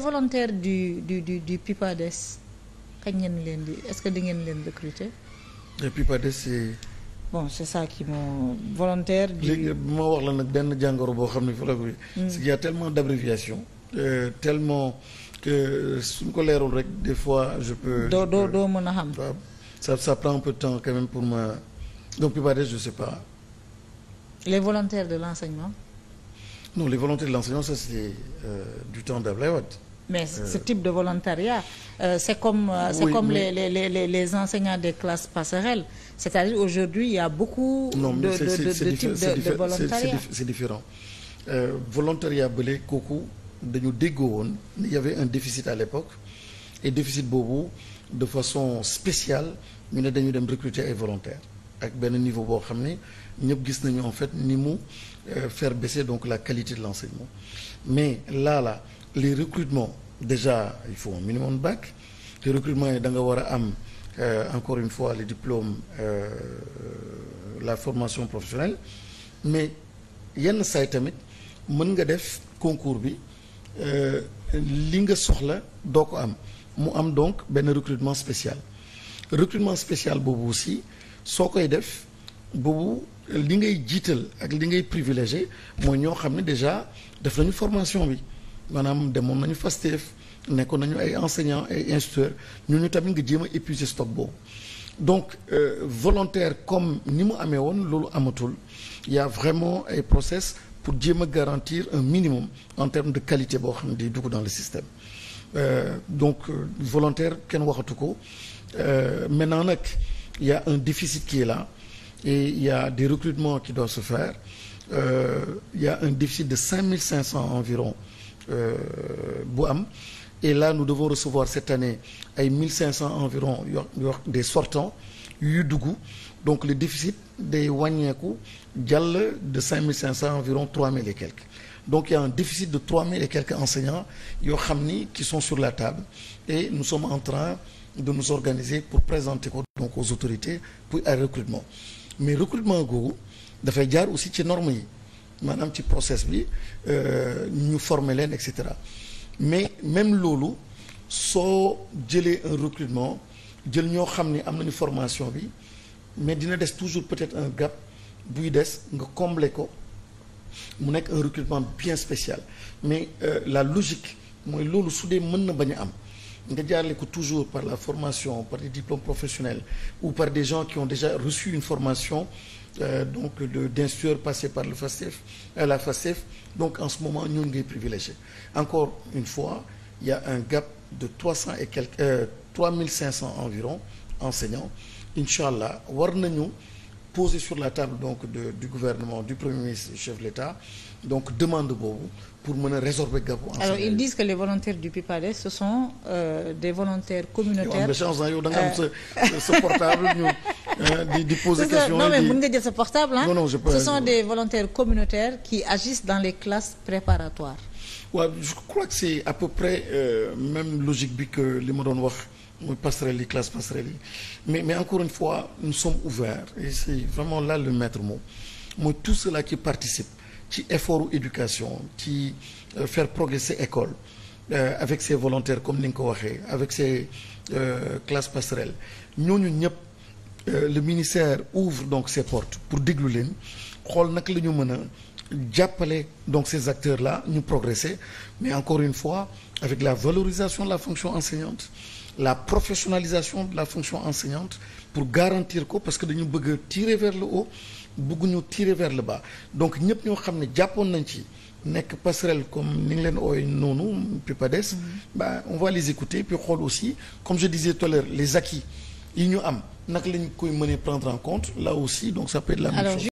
volontaire du du du du PIPADES kañ ngeen leen di est-ce que di ngeen leen recruter. le PIPADES c'est. bon c'est ça qui moo volontaire. du léegi wax la nag benn jàngoro boo xam ne fa la ko. parce hmm. qu'il y a tellement d'abréviations. Euh, tellement que euh, suñ ko leerul rek des fois je peux. doo doo mën a xam. ça ça prend peu de temps quand même pour ma donc PIPADES je sais pas. les volontaires de l'enseignement. non les volontaires de l'enseignement ça c'est euh, du temps d'Ablaye Wade. mais euh. ce type de volontariat euh, c'est comme euh, les, les les les enseignants des classes passerelles c'est-à-dire aujourd'hui il y a beaucoup non, de de de type de volontariat bële kooku dañu déggoo woon il un déficit à l'époque et déficit boobu de façon spéciale ñu ne dañu dem recruter ay volontaires ak benn niveau boo xam ne ñëpp gis nañu en fait ni mu euh, faire baisser donc la qualité de l'enseignement mais là la les recrutements déjà il faut un minimum de bac les yi danga war a am euh, encore une fois les diplômes euh, la formation professionnelle mais yenn saay tamit mën nga def concours bi euh, li nga soxla doo ko am mu am donc benn recrutement spécial recrutement spécial boobu aussi soo koy def boobu li ngay jiital ak li ngay privilégié mooy ñoo xam ne déjà def nañu formation bi maanaam demoon nañu Pastef nekkoon nañu ay enseignants ay instituteurs ñu tamit nga jéem a épuiser stock boobu donc euh, volontaire comme ni mu amee woon loolu amatul y vraiment ay process pour jéem a garantir un minimum en termes de qualité boo xam ne di dugg dans le système euh, donc euh, volontaire kenn waxatu ko euh, maintenant nag y a un déficit kii la là et il y a des recrutements qui doivent se faire euh, il y a un déficit de 5500 environ Euh, bu am et là nous devons recevoir cette année ay 1500 environ yoo yoo des sortants yuy dugg donc le déficit day wàññeeku jàll de 5500 environ 3000 et quelques donc il y a un déficit de mille et quelques enseignants yoo xam ni qui sont sur la table et nous sommes en train de nous organiser pour présenter ko donc aux autorités pour ay recrutement mais recrutement googu dafay jaar aussi ci normes yi maanaam ci process bi euh, ñu former leen et cetera mais même loolu soo jëlee un recrutement jël ñoo xam ni am nañu formation bi mais dina des toujours peut-être un gap buy des nga combler ko mu nekk un recrutement bien spécial mais euh, la logique mooy loolu su dee mën na bañ a am nga jaarle ko toujours par la formation par des diplômes professionnels ou par des gens qui ont déjà reçu une formation euh, donc de d'instructeur passé par le FASTEF à euh, la donc en ce moment ñooñu ngay privilégié encore une fois il y a un gap de trois cent et quelques euh, trois mille cinq cents environ enseignants incha allah war nañu posé sur la table donc de du gouvernement du premier ministre chef de l'État donc demande boobu pour mën a résorber Gabou. alors ils disent que les volontaires du PIPADS e ce sont euh, des volontaires communautaires. yow am na yow da nga am euh, euh, non mais mën nga jël sa portable ah. non non je peux ce sont des volontaires communautaires qui agissent dans les classes préparatoires. waaw je crois que c'est à peu près euh, même logique bi que li ma doon wax. mooy passerelle yi classe passerelle yi mais mais encore une fois nous sommes ouverts et c'est vraiment là le maître mot mooy tout cela qui participe ci effort éducation ci euh, faire progresser école euh, avec ses volontaires comme ni nga ko waxee avec ses euh, classes passerelles ñooñu ñëpp le ministère ouvre donc ses portes pour déglu leen xool nag la ñu mën a jàppale donc ces acteurs là ñu progresser mais encore une fois avec la valorisation de la fonction enseignante la professionalisation de la fonction enseignante pour garantir ko parce que dañu bëgg a tirer vers le haut bëgguñu tirer vers le bas donc ñëpp ñoo xam ne jàppoon nañ ci nekk passerelle comme ni ngi leen ooy noonu PIPADES mm-hmm. ba on va les écouter puis xool aussi comme je disais tout les acquis yi ñu am nak la ñu koy mënee prendre en compte là aussi donc ça peut être la même